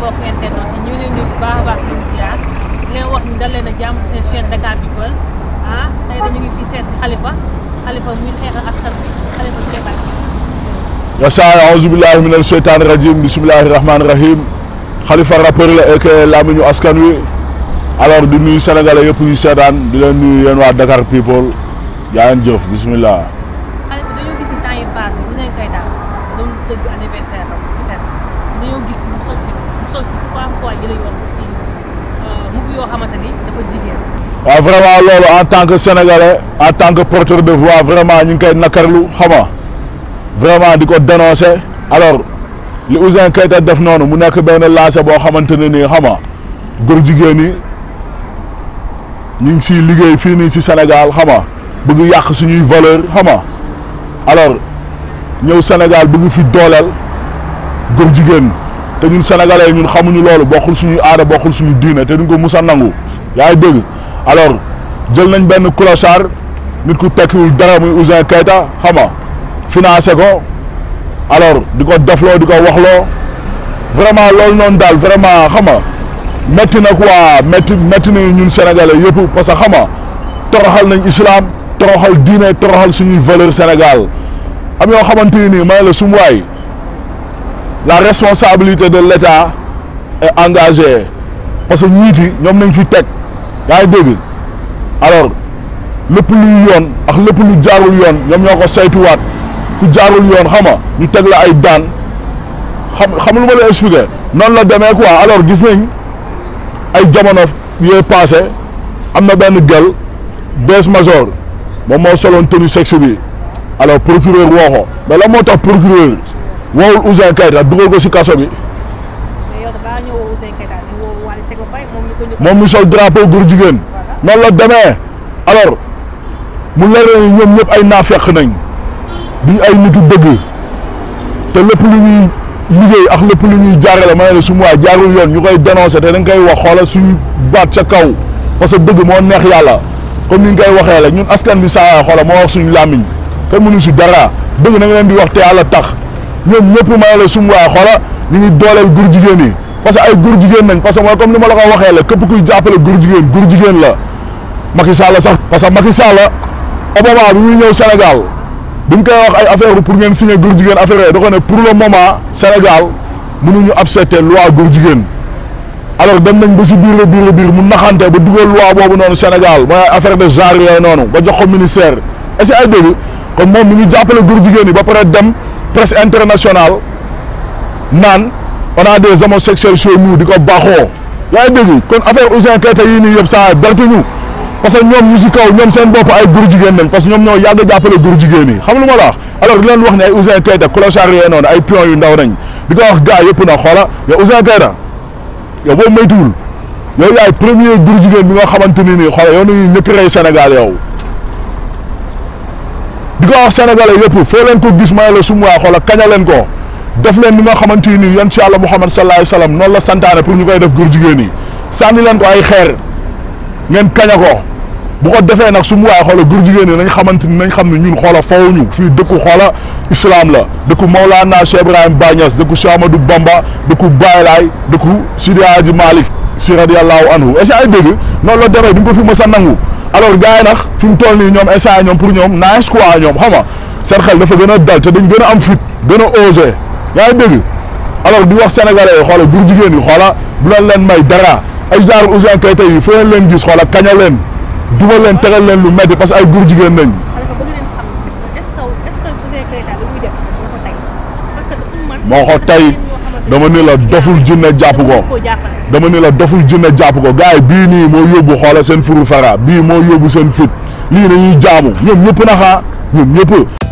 mbokk internautes yi leen wax ni dal leen a seen Dakar People ah tey dañu ngi fi askan min al sheytaani rajim bismillahi rahmaani rahim xalifa rappeur la ak lamiñu askan wi alors di nuyu sénégalais yëpp ñu seetaan di leen nuyu yéen Dakar People jaa jëf bismillah sol euh, vraiment loolu en tant que sénégalais en tant que porteur de voix vraiment ñu ngi koy nakarlu xama vraiment di ko dénoncer alors li Ouzin Keita def noonu mu nekk benn lancé boo xamante ne nii xama góor jigéen yi ñu ngi siy liggéey fii nii si Sénégal xama bëgg yàq suñuy valeur xama alors ñëw Sénégal bëgg fi dooleel góor jigéen te ñun sénégalais ñun xamuñu loolu bokkul suñu aada bokkul suñu diine te duñ ko musa nangu yaa ngi dégg alors jël nañ benn clochard nit ku tekkiwul dara muy Ouzin Keita xam nga financé ko alors di ko defloo di ko waxloo vraiment loolu noonu daal vraiment xam nga métti na quoi métti métti na ñun sénégalais yëpp parce que xam nga toroxal nañ islam toroxal diine toroxal suñuy valeur Sénégal am yoo xamante ni ma la sum waay la responsabilité de l'État est engagée parce que ñiit ñoom nañ fi teg yaa ngi dégg alors lépp luy yoon ak lépp lu jaarul yoon ñoom ñoo ko saytuwaat ku jaarul yoon xam nga ñu teg la ay daan xam xam lu ma la expliqué noonu la demee quoi alors gis nañ ay jamono yee passé am na benn gël des major moom moo soloon tenue sexe bi alors procureur woo ko mais la moo tax procureur woowul Ouzin Keita dugal ko si kaso bi. moom mi sol drapeau góor jigéen. noonu la demee alors mu leer ni ñoom ñëpp ay naafeq nañ duñ ay nitu dëgg te lépp lu ñuy liggéey ak lépp lu ñuy jaarale ma ne la su ma jaarul yoon ñu koy dénoncé te dañ koy wax xoolal suñu baat sa kaw parce que moo neex yàlla comme ni ñu koy waxee la ñun askan bi saa xoola moo wax suñu làmmiñ kenn mënu si dara dëgg na nga leen di wax te yàlla tax. ñoom ñëpp ma la sum waa xoola ñu ngi dooleel góor jigéen yi parce que ay góor jigéen nañ parce que mooy comme ni ma la ko waxee la képp ku jàppale góor jigéen góor jigéen la Macky Sall sax parce que Macky Sall Obama bi muy ñëw Sénégal bi mu koy wax ay affaire pour ngeen signé góor jigéen affaire yooyu da ko ne pour le moment ñu mënuñu accepter loi góor jigéen alors dem nañ ba si biir la biir la biir mu naxante ba dugal loi boobu noonu Sénégal mooy affaire de genre noonu jox ko ministère ay moom mi ngi jàppale góor jigéen yi ba pare dem presse internationale naan on a des homosexuels chez nous di ko baaxoo yaa ngi dégg kon affaire Ouzin Keita yii nii yëpp saa bertuñu parce que ñoom ñu si kaw ñoom seen bopp ay góor jigéen lañ parce que ñoom ñoo yàgg jàppale góor jigéen yi xam lu ma la wax alors di leen wax ne ay Ouzin Keita clochard ay pion yu ndaw nañ di ko wax gars yëpp na xoola yow Ouzin Keita yow boobu moytuwul yow yaay premier góor bi nga xamante ni nii xoola yow nañuy ñëkk Sénégal yow di ko wax sénégalais yëpp foo leen ko gis may la sum waa xoola kañ leen ko def leen ni nga xamante ni yan ci yàlla muhammad sallallahu alayhi wasallam noonu la santaane pour ñu koy def góor jigéen yi sànni leen ko ay xeer ngeen kañ ko bu ko defee nag su mu waay xoola góor jigéen yi nañ xamante ni nañ xam ne ñun xoola fawuñu fii dëkku xoola islam la dëkku Maulana Cheikh Ibrahim Baye Niass dëkku Cheikh Amadou Bamba dëkku Baye Laay dëkku Sidi Hadji Malick si radiyallahu anhu est-ce que ay dégg noonu la demee di nga ko fi a nangu alors gars yi nag fi mu toll nii ñoom instant ñoom pour ñoom naa quoi ñoom xam nga seen xel dafa gën a dal te dañ gën a am fit gën a osé yaa ngi dégg alors di wax sénégalais yi xoola bur jigéen yi xoola bu leen leen may dara ay genre Ouzin Keita yi foo leen gis xoola kaña leen duma leen tegal leen lu metti parce que ay bur jigéen nañ moo ko tey dama ni la doful jinne jàpp ko dama ne la doful jinne jàpp ko gars bii ni moo yóbbu xoola seen furu fara bii moo yóbbu seen fut lii nañuy jaamu ñoom ñëpp naxaa ñoom ñëpp